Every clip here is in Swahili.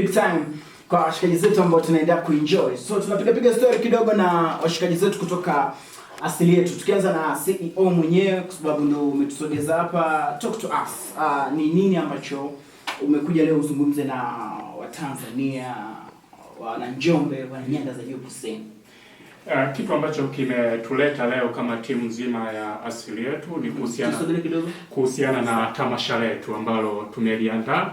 big time kwa washikaji zetu ambao tunaendelea kuenjoy. So tunapiga piga story kidogo na washikaji zetu kutoka asili yetu, tukianza na CEO mwenyewe kwa sababu ndio umetusogeza hapa. Talk to us, uh, ni nini ambacho umekuja leo uzungumze na Watanzania wana Njombe, wana nyanda za juu kusini? Uh, kitu ambacho kimetuleta leo kama timu nzima ya asili yetu ni kuhusiana kuhusiana na tamasha letu ambalo tumeliandaa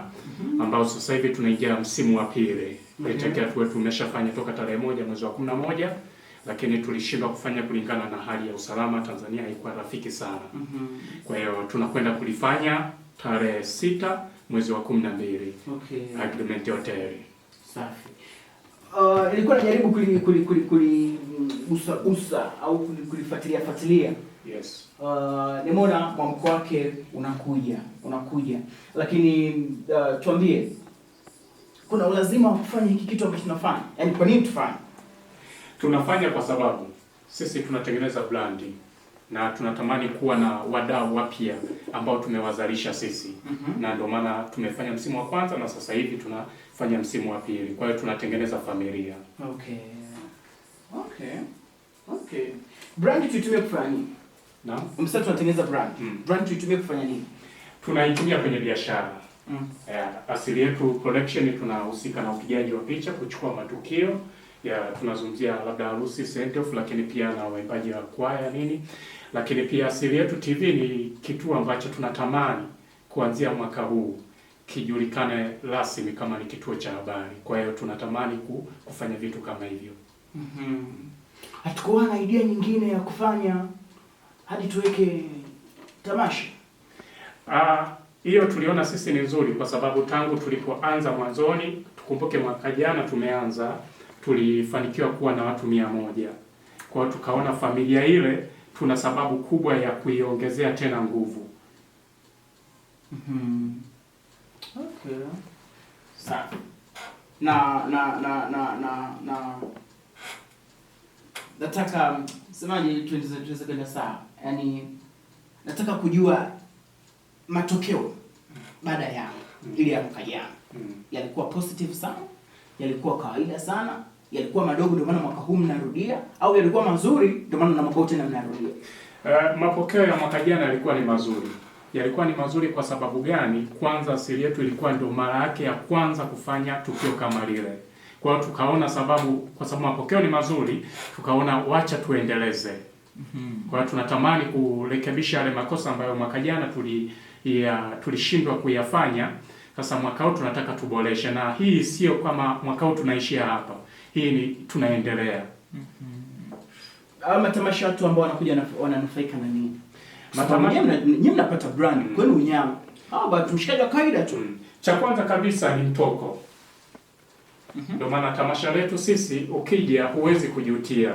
ambao sasa hivi tunaingia msimu wa pili. mm Ilitakiwa tuwe tumeshafanya toka tarehe moja mwezi wa kumi na moja lakini tulishindwa kufanya kulingana na hali ya usalama. Tanzania haikuwa rafiki sana. mm -hmm. Kwa hiyo tunakwenda kulifanya tarehe sita mwezi wa kumi na mbili. Okay. Agreement Hotel. Safi. Uh, ilikuwa najaribu kuligusagusa kuli, kuli, kuli, usa, usa au kulifuatilia fuatilia Yes. Uh, nimeona mwamko wake unakuja unakuja, lakini uh, tuambie, kuna ulazima wa kufanya hiki kitu ambacho tunafanya, yaani kwa nini tufanye? Tunafanya kwa sababu sisi tunatengeneza brandi na tunatamani kuwa na wadau wapya ambao tumewazalisha sisi mm -hmm. Na ndio maana tumefanya msimu wa kwanza na sasa hivi tunafanya msimu wa pili, kwa hiyo tunatengeneza familia. Okay, okay, okay. Brandi tutumie kufanya nini? Naam. Umesema tunatengeneza brand. Mm. Brand tuitumie kufanya nini? Tunaitumia kwenye biashara. Mm. Yeah, asili yetu collection tunahusika na upigaji wa picha, kuchukua matukio ya tunazungumzia labda harusi, send off, lakini pia na waimbaji wa kwaya nini. Lakini pia asili yetu TV ni kitu ambacho tunatamani kuanzia mwaka huu kijulikane rasmi kama ni kituo cha habari. Kwa hiyo tunatamani kufanya vitu kama hivyo. Mhm. Mm, hatukuwa na idea nyingine ya kufanya hadi tuweke tamasha. Ah, hiyo tuliona sisi ni nzuri kwa sababu tangu tulipoanza mwanzoni, tukumbuke mwaka jana tumeanza, tulifanikiwa kuwa na watu mia moja. Kwa hiyo tukaona familia ile tuna sababu kubwa ya kuiongezea tena nguvu. Mm -hmm. Okay. na Na na na na na nataka um, semaji, tuweze kwenda sawa, yaani nataka kujua matokeo baada ya ile ya mwaka jana yalikuwa positive sana, yalikuwa kawaida sana, yalikuwa madogo, ndio maana mwaka huu mnarudia, au yalikuwa mazuri, ndio maana na mwaka tena mnarudia? Uh, mapokeo ya mwaka jana yalikuwa ni mazuri yalikuwa ni mazuri kwa sababu gani? Kwanza asili yetu ilikuwa ndio mara yake ya kwanza kufanya tukio kama lile. Kwa hiyo tukaona sababu, kwa sababu mapokeo ni mazuri, tukaona wacha tuendeleze. Mm-hmm. Kwa hiyo tunatamani kurekebisha yale makosa ambayo mwaka jana tuli ya tulishindwa kuyafanya. Sasa mwaka huu tunataka tuboreshe, na hii sio kama mwaka huu tunaishia hapa, hii ni tunaendelea. Mm-hmm. Matamasha watu ambao wanakuja wananufaika na nini? Matamasha nyinyi mnapata brand mm. kwenu nyawa, hawa watu mshikaji wa kawaida tu. Mm. Cha kwanza kabisa ni mtoko Mhm. Ndio maana tamasha letu sisi ukija huwezi kujutia.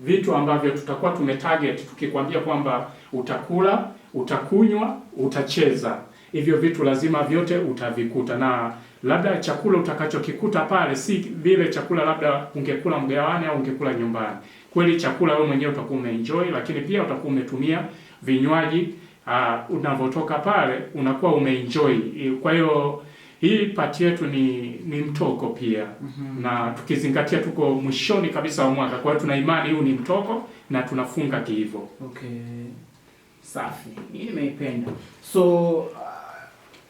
Vitu ambavyo tutakuwa tumetarget tukikwambia kwamba utakula, utakunywa, utacheza, hivyo vitu lazima vyote utavikuta, na labda chakula utakachokikuta pale si vile chakula labda ungekula mgawani au ungekula nyumbani. Kweli chakula wewe mwenyewe utakuwa umeenjoy, lakini pia utakuwa umetumia vinywaji. Ah, unavyotoka pale unakuwa umeenjoy. Kwa hiyo hii pati yetu ni ni mtoko pia mm -hmm. na tukizingatia tuko mwishoni kabisa wa mwaka, kwa hiyo tuna imani huu ni mtoko na tunafunga kihivyo. Okay, safi, nimeipenda. So uh,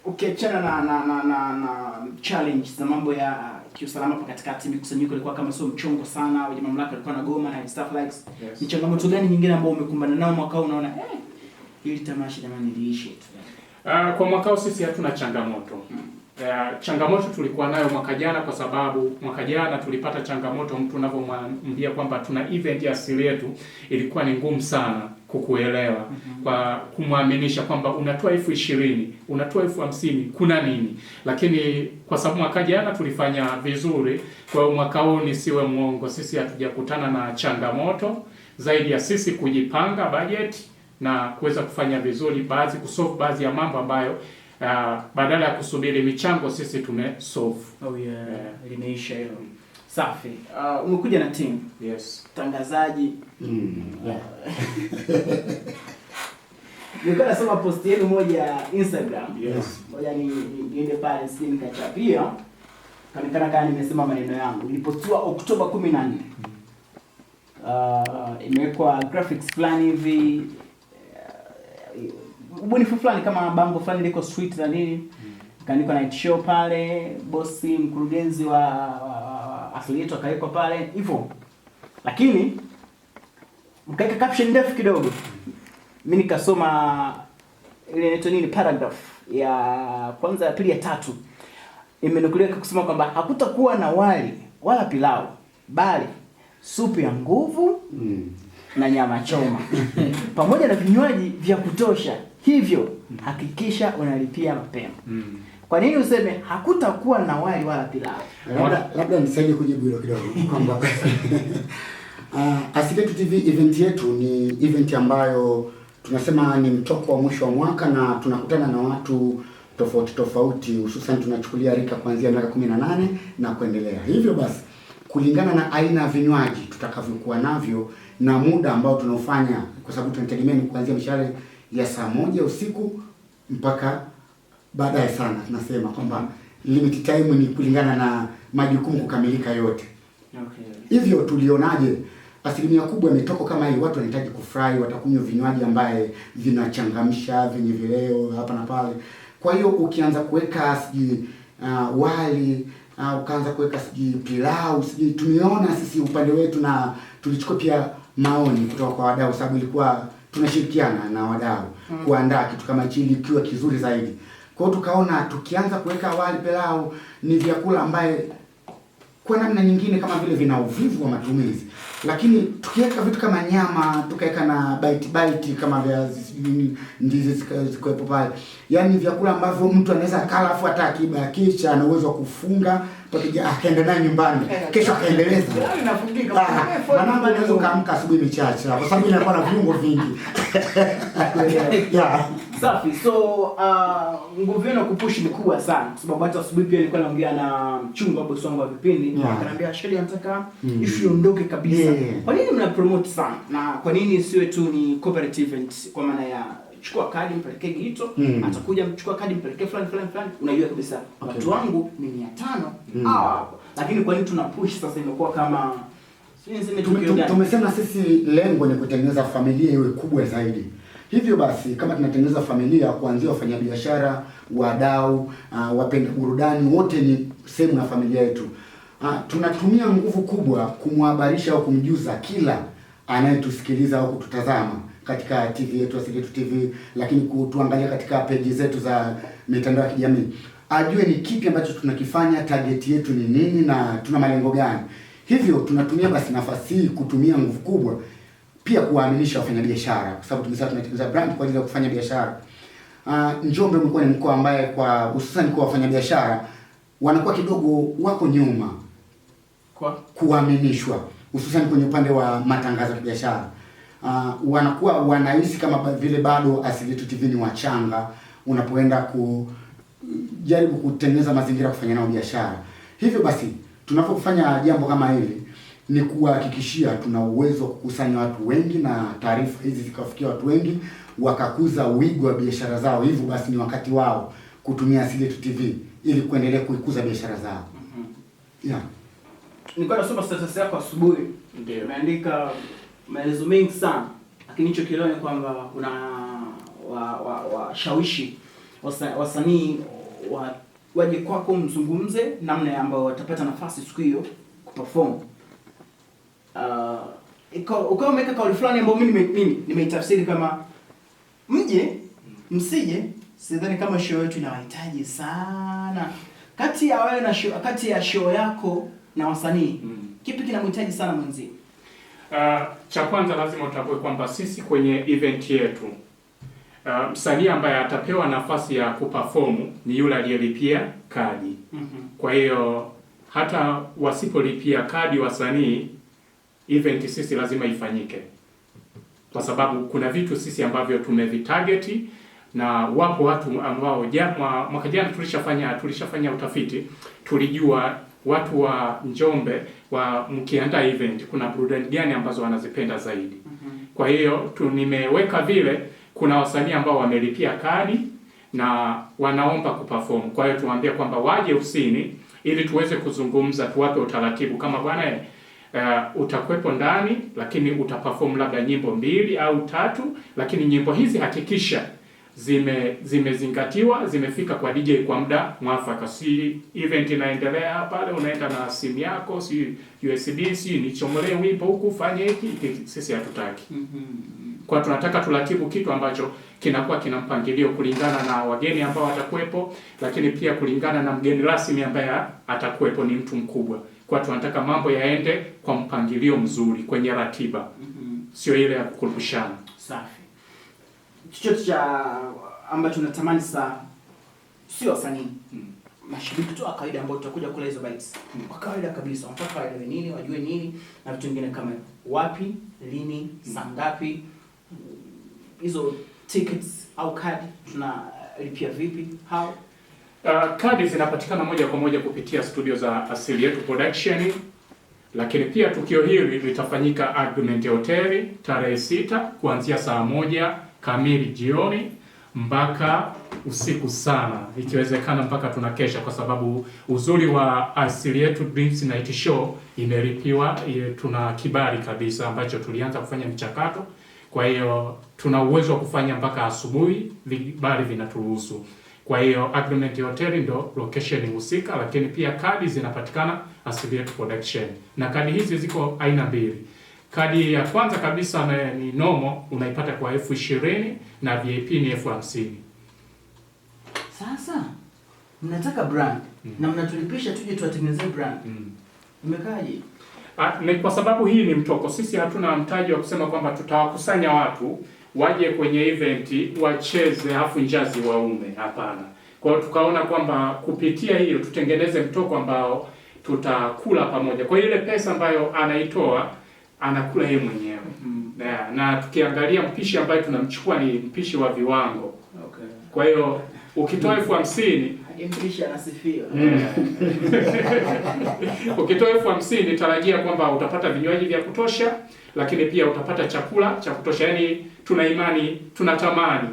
ukiachana okay, na na na, na, challenge za mambo ya uh, kiusalama pa katikati, mikusanyiko ilikuwa kama sio mchongo sana, wenye mamlaka walikuwa na goma na stuff likes yes. ni changamoto gani nyingine ambayo umekumbana nao mwaka huu unaona eh, hey, ili tamasha jamani liishe tu? Uh, kwa mwaka huu sisi hatuna changamoto mm -hmm. Uh, changamoto tulikuwa nayo mwaka jana, kwa sababu mwaka jana tulipata changamoto, mtu unavyomwambia kwamba tuna event ya asili yetu, ilikuwa ni ngumu sana kukuelewa mm -hmm. Kwa kumwaminisha kwamba unatoa elfu ishirini unatoa elfu hamsini kuna nini? Lakini kwa sababu mwaka jana tulifanya vizuri, kwa hiyo mwaka huu nisiwe mwongo, sisi hatujakutana na changamoto zaidi ya sisi kujipanga bajeti na kuweza kufanya vizuri, baadhi kusolve baadhi ya mambo ambayo uh, badala ya kusubiri michango sisi tume solve. Oh yeah, yeah. Limeisha hilo. Safi. Uh, umekuja na team. Yes. Tangazaji. Mm. Yeah. Nilikuwa nasoma post yenu moja ya Instagram. Yes. Moja ni niende pale sisi nikachapia. Kamekana kana nimesema maneno yangu. Nilipotua Oktoba 14. Mm. Uh, imewekwa graphics fulani hivi eh, ubunifu fulani kama bango fulani liko street na nini mm. kaandikwa night show pale, bosi mkurugenzi wa, wa affiliate akawekwa pale hivyo, lakini mkaweka caption ndefu kidogo. Mimi nikasoma ile inaitwa nini paragraph ya kwanza ya pili ya tatu, imenukuliwa kusema kwamba hakutakuwa na wali wala pilau, bali supu ya nguvu mm. na nyama choma pamoja na vinywaji vya kutosha. Hivyo hakikisha unalipia mapema. Mm. Kwa nini useme hakutakuwa na wali wala pilau? Eh, labda labda nisaidie kujibu hilo kidogo kwamba uh, ah, TV event yetu ni event ambayo tunasema ni mtoko wa mwisho wa mwaka na tunakutana na watu tofauti tofauti, hususan tunachukulia rika kuanzia miaka 18 na kuendelea. Hivyo basi kulingana na aina ya vinywaji tutakavyokuwa navyo na muda ambao tunaofanya, kwa sababu tunategemea ni kuanzia mishahara ya saa moja usiku mpaka baadaye sana. Tunasema kwamba limit time ni kulingana na majukumu kukamilika yote. Okay. Hivyo tulionaje? Asilimia kubwa mitoko kama hii, watu wanahitaji kufurahi, watakunywa vinywaji ambaye vinachangamsha vyenye vileo hapa na pale. Kwa hiyo ukianza kuweka sijui uh, wali uh, ukaanza kuweka sijui pilau sijui, tumeona sisi upande wetu na tulichukua pia maoni kutoka kwa wadau, sababu ilikuwa tunashirikiana na wadau mm. kuandaa kitu kama hichi ili kiwe kizuri zaidi. Kwa hiyo tukaona tukianza kuweka awali pilau ni vyakula ambaye kwa namna nyingine kama vile vina uvivu wa matumizi lakini tukiweka vitu kama nyama tukaweka na bite bite kama viazi sijui ndizi zikawepo pale, yaani vyakula ambavyo mtu anaweza kala afu hata akiba ya kisha ana uwezo wa kufunga pakija akaenda naye nyumbani kesho akaendeleza. Ah, Manamba anaweza ukaamka asubuhi michache, kwa sababu inakuwa na viungo vingi. Safi. So uh, nguvu yenu kupush ni kubwa sana, kwa sababu hata asubuhi pia nilikuwa naongea na mchungu hapo songo wa vipindi yeah. Akaniambia anataka mm. issue iondoke kabisa yeah. Kwa nini mna promote sana na kwa nini siwe tu ni cooperative event, kwa maana ya chukua kadi mpelekee Gito mm. atakuja mchukua kadi mpelekee fulani fulani fulani, unajua kabisa okay. Watu wangu ni 500 mm. hapo, lakini kwa nini tuna push sasa, imekuwa kama tumesema sisi lengo ni kutengeneza familia iwe kubwa zaidi Hivyo basi kama tunatengeneza familia, kuanzia wafanyabiashara, wadau, uh, wapenda burudani, wote ni sehemu na familia yetu. Uh, tunatumia nguvu kubwa kumhabarisha au kumjuza kila anayetusikiliza au kututazama katika TV yetu Asili Yetu TV, lakini kutuangalia katika peji zetu za mitandao ya kijamii, ajue ni kipi ambacho tunakifanya, target yetu ni nini na tuna malengo gani. Hivyo tunatumia basi nafasi hii kutumia nguvu kubwa pia kuwaaminisha wafanyabiashara kwa sababu tumesema tunatengeneza brand kwa ajili ya kufanya biashara. Uh, Njombe umekuwa ni mkoa ambaye kwa hususan kwa wafanyabiashara wanakuwa kidogo wako nyuma kwa kuaminishwa hususan kwenye upande wa matangazo ya biashara. Uh, ah, wanakuwa wanahisi kama vile bado Asili Yetu TV ni wachanga unapoenda kujaribu kutengeneza mazingira kufanya nao biashara. Hivyo basi tunapofanya jambo kama hili ni kuwahakikishia tuna uwezo wa kukusanya watu wengi na taarifa hizi zikawafikia watu wengi, wakakuza wigo wa biashara zao. Hivyo basi ni wakati wao kutumia Asili TV ili kuendelea kuikuza biashara zao. mm -hmm. yeah. Nilikuwa nasoma status yako asubuhi, ndio umeandika maelezo mengi sana, lakini hicho kileo ni kwamba kuna washawishi wa, wa, wa wasanii wa, waje kwako mzungumze namna ambayo watapata nafasi siku hiyo kuperform uh, ukawa umeweka kauli fulani ambayo mimi nimeitafsiri kama mje msije, sidhani kama show yetu inawahitaji sana. Kati ya wewe na show, kati ya show yako na wasanii mm. kipi kinamhitaji sana mwenzio? Uh, cha kwanza lazima utambue kwamba sisi kwenye event yetu uh, msanii ambaye atapewa nafasi ya kuperform ni yule aliyelipia kadi mm -hmm. Kwa hiyo hata wasipolipia kadi wasanii event sisi lazima ifanyike, kwa sababu kuna vitu sisi ambavyo tumevitargeti na wapo watu ambao mwaka jana tulishafanya tulishafanya utafiti, tulijua watu wa Njombe wa mkiandaa event kuna burudani gani ambazo wanazipenda zaidi. Mm-hmm. Kwa hiyo tu nimeweka vile, kuna wasanii ambao wamelipia kadi na wanaomba kuperform. Kwa hiyo tuwaambie kwamba waje usini ili tuweze kuzungumza, tuwape utaratibu kama bwana uh, utakuwepo ndani, lakini utaperform labda nyimbo mbili au tatu, lakini nyimbo hizi hakikisha zime zimezingatiwa zimefika kwa DJ kwa muda mwafaka, si event inaendelea pale, unaenda na simu yako, si USB, si nichomolee wimbo huku fanye hiki. Sisi hatutaki mm -hmm. Kwa tunataka turatibu kitu ambacho kinakuwa kina mpangilio kulingana na wageni ambao watakuwepo, lakini pia kulingana na mgeni rasmi ambaye atakuwepo ni mtu mkubwa kwa tunataka mambo yaende kwa mpangilio mzuri kwenye ratiba mm -hmm. Sio ile ya kukurupushana. Safi. Chochote cha ambacho natamani saa sio wasanii mm. Mashabiki tu kawaida ambao tutakuja kula hizo bites mm. Kwa kawaida kabisa wanataka waelewe nini, wajue nini na vitu vingine kama wapi, lini, mm. saa ngapi, hizo tickets au kadi tunalipia vipi, how Uh, kadi zinapatikana moja kwa moja kupitia studio za Asili Yetu Production, lakini pia tukio hili litafanyika Argument Hotel tarehe sita kuanzia saa moja kamili jioni mpaka usiku sana, ikiwezekana mpaka tunakesha, kwa sababu uzuri wa Asili Yetu Dreams Night Show imelipiwa. Tuna kibali kabisa ambacho tulianza kufanya mchakato, kwa hiyo tuna uwezo wa kufanya mpaka asubuhi, vibali vinaturuhusu. Kwa hiyo Agreement Hotel ndo location husika, lakini pia kadi zinapatikana Affiliate Production, na kadi hizi ziko aina mbili. Kadi ya kwanza kabisa na ni nomo unaipata kwa elfu ishirini na VIP ni elfu hamsini. Sasa mnataka brand mm. na mnatulipisha tuje tuwatengenezee brand mm. Mm-hmm. imekaje? Ah, ni kwa sababu hii ni mtoko, sisi hatuna mtaji wa kusema kwamba tutawakusanya watu waje kwenye event wacheze afu njazi waume, hapana. Kwa hiyo tukaona kwamba kupitia hiyo tutengeneze mtoko ambao tutakula pamoja. Kwa hiyo ile pesa ambayo anaitoa anakula yeye mwenyewe mm. na, na tukiangalia mpishi ambaye tunamchukua ni mpishi wa viwango okay. Kwa hiyo ukitoa elfu hamsini Mm. Ukitoa elfu hamsini tarajia kwamba utapata vinywaji vya kutosha, lakini pia utapata chakula cha kutosha. Yaani tuna imani, tunatamani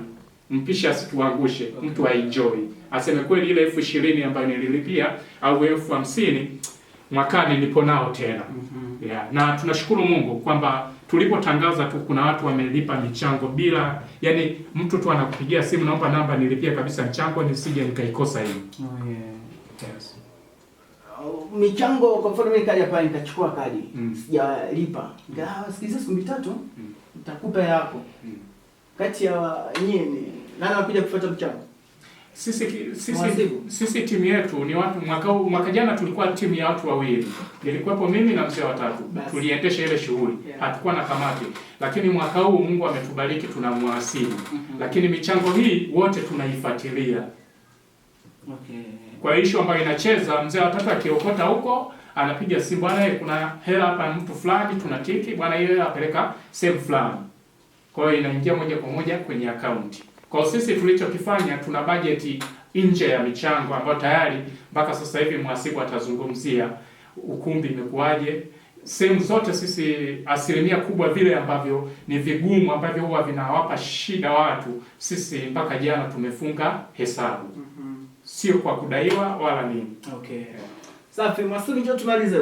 mpishi asituangushe, okay. Mtu aenjoy aseme kweli, ile elfu ishirini ambayo nililipia au elfu hamsini mwakani nipo nao tena. mm -hmm. yeah. na tunashukuru Mungu kwamba tulipotangaza tu kuna watu wamelipa michango bila, yani mtu tu anakupigia simu, naomba namba nilipia kabisa mchango nisije nikaikosa hii. Oh, yeah. Yes. Uh, michango kwa mfano mimi kaja pale nikachukua kadi mm. sijalipa mm. nikasikiliza siku tatu mm. nitakupa yako mm. kati ya nyinyi nani anakuja kufuata mchango sisi sisi sisi timu yetu ni watu mwaka mwaka jana tulikuwa timu ya watu wawili. Nilikuwepo mimi na mzee watatu. Tuliendesha ile shughuli. Yeah. Hatukuwa na kamati. Lakini mwaka huu Mungu ametubariki tuna muasili. Mm -hmm. Lakini michango hii wote tunaifuatilia. Okay. Kwa hiyo ambayo inacheza mzee watatu akiokota huko anapiga simu bwana, eh, kuna hela hapa mtu fulani tuna tiki bwana, hiyo apeleka sehemu fulani. Kwa hiyo inaingia moja kwa moja kwenye akaunti. Kwa sisi tulichokifanya, tuna bajeti nje ya michango ambayo tayari mpaka sasa hivi mhasibu atazungumzia ukumbi imekuwaje sehemu zote sisi, asilimia kubwa vile ambavyo ni vigumu ambavyo huwa vinawapa shida watu, sisi mpaka jana tumefunga hesabu mm -hmm. Sio kwa kudaiwa wala nini. Okay, safi. Mwasibu, njoo tumalize.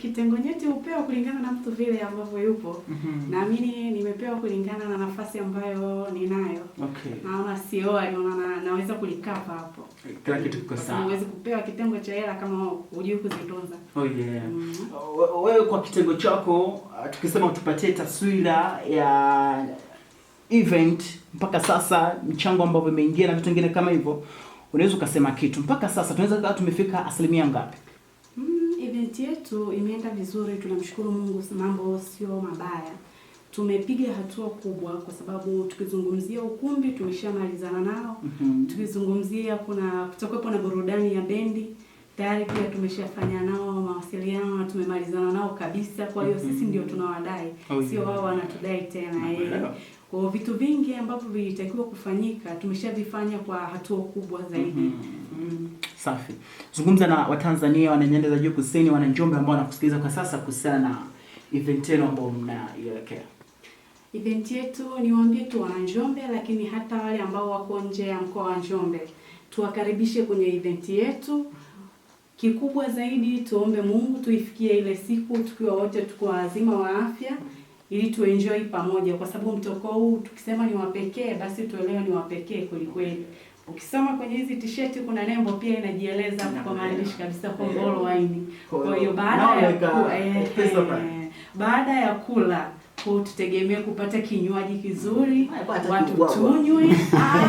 kitengo nyeti upewa kulingana na mtu vile ambavyo yupo. mm -hmm. Naamini nimepewa kulingana na nafasi ambayo ninayo. Okay. Naona sio aliona na, naweza kulikapa hapo. Kila kitu kiko sawa. Huwezi kupewa kitengo cha hela kama hujui kuzitunza. Oh yeah. Mm Wewe kwa kitengo chako ah, tukisema utupatie taswira ya event mpaka sasa, mchango ambao umeingia na vitu vingine kama hivyo, unaweza ukasema kitu mpaka sasa tunaweza kaa tumefika asilimia ngapi? binti yetu imeenda vizuri, tunamshukuru Mungu, mambo sio mabaya. Tumepiga hatua kubwa, kwa sababu tukizungumzia ukumbi tumeshamalizana nao mm -hmm. Tukizungumzia kuna kutakuwepo na burudani ya bendi tayari pia tumeshafanya nao mawasiliano na tumemalizana nao kabisa. Kwa hiyo mm -hmm. sisi mhm. ndio tunawadai oh, sio wao wanatudai tena eh. Yeah. Kwa vitu vingi ambavyo vilitakiwa kufanyika tumeshavifanya kwa hatua kubwa zaidi mhm. mm -hmm. mm -hmm safi. Zungumza na Watanzania wana nyanda za juu kusini, wana Njombe ambao wanakusikiliza kwa sasa kuhusiana na event yenu ambayo mnaielekea. Event yetu ni waambie tu wana Njombe, lakini hata wale ambao wako nje ya mkoa wa Njombe tuwakaribishe kwenye event yetu. Kikubwa zaidi tuombe Mungu tuifikie ile siku tukiwa wote tukiwa wazima wa afya, ili tuenjoy pamoja, kwa sababu mtoko huu tukisema ni wapekee, basi tuelewe ni wapekee kweli kweli. Ukisoma kwenye hizi tisheti kuna nembo pia inajieleza kwa maandishi kabisa eh. Kongolo Wine. Kwa hiyo baada ya eh, eh, baada ya kula tutegemee kupata kinywaji kizuri, mm. watu tunywe ah,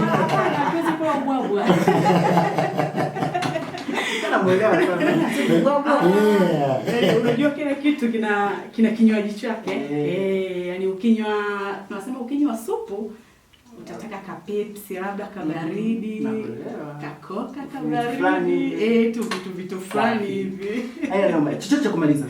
ubwabwa unajua kila kitu kina kina kinywaji chake, yaani ukinywa tunasema ukinywa supu utataka pepsi labda kabaridi, ka mm-hmm. baridi eh tu vitu vitu fulani hivi. Haya, naomba chochote cha kumaliza.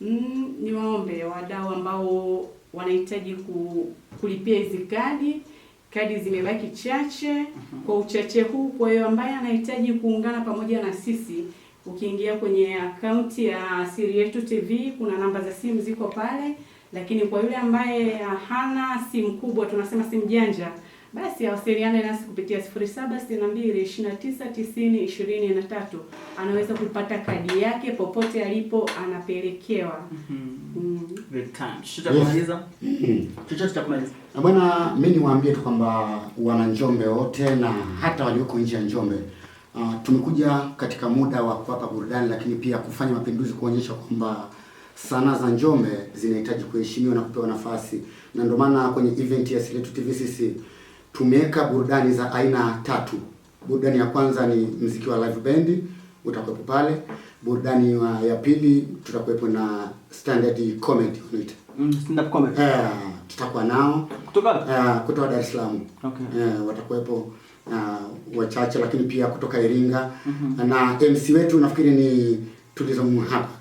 Mm, niwaombe wadau ambao wanahitaji ku, kulipia hizi kadi kadi zimebaki chache mm-hmm. Kwa uchache huu, kwa hiyo ambaye anahitaji kuungana pamoja na sisi, ukiingia kwenye akaunti ya Siri Yetu TV kuna namba za simu ziko pale lakini kwa yule ambaye hana simu kubwa, tunasema simu janja, basi awasiliane nasi kupitia 0762299023 anaweza kupata kadi yake popote alipo, anapelekewa. Mm-hmm. Mm. Mm. Bwana, mimi niwaambie tu kwamba wana Njombe wote na hata walioko nje ya Njombe uh, tumekuja katika muda wa kuwapa burudani, lakini pia kufanya mapinduzi, kuonyesha kwamba sanaa za Njombe zinahitaji kuheshimiwa na kupewa nafasi, na ndio maana kwenye event ya Siletu TV sisi tumeweka burudani za aina tatu. Burudani ya kwanza ni mziki wa live band utakuwepo pale. Burudani ya pili tutakuwepo na standard comedy unaita mm, stand up comedy eh, tutakuwa nao kutoka eh, kutoka Dar es Salaam okay. Eh, watakuwepo uh, wachache, lakini pia kutoka Iringa mm -hmm. na MC wetu nafikiri ni tulizomu hapa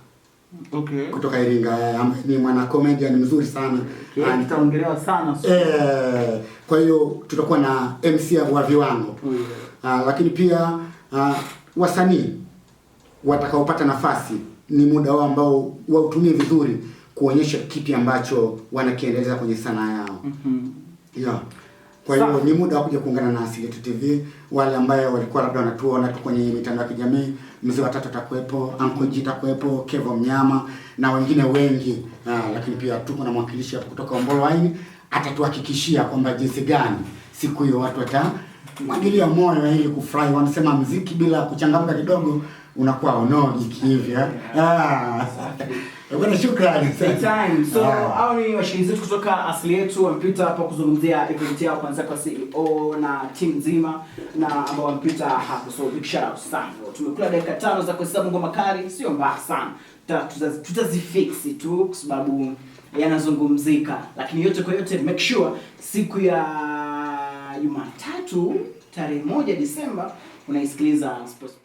Okay. Kutoka Iringa ni mwana comedian mzuri sana. Okay. Nitaongelewa sana. Eh, kwa hiyo tutakuwa na MC wa viwango. Mm. Uh, lakini pia uh, wasanii watakaopata nafasi ni muda wao ambao wautumie vizuri kuonyesha kipi ambacho wanakiendeleza kwenye sanaa yao. Mm -hmm. Yeah. Kwa hiyo ni muda wa kuja kuungana na Asili Yetu TV wale ambao walikuwa labda wanatuona tu kwenye mitandao ya kijamii mzee watatu atakuwepo, Uncle G atakuwepo, Kevo Mnyama na wengine wengi na, ah, lakini pia tuko na mwakilishi hapo kutoka Ombolo Wine atatuhakikishia kwamba jinsi gani siku hiyo watu wata mwagilia moyo ili kufurahi. Wanasema mziki bila kuchangamka kidogo unakuwa onoji kihivyo. Eh? Ah. Bwana shukrani sana. So ah. hao ni washiriki wetu kutoka Asili Yetu wamepita hapa kuzungumzia event yao kwanza kwa CEO na timu nzima na ambao wamepita hapo. So big shout out sana. Tumekula dakika tano za kuhesabu ngoma kali, sio mbaya sana. Tutazifix tu kwa sababu yanazungumzika. Lakini yote kwa yote make sure siku ya Jumatatu tarehe moja Disemba unaisikiliza Sports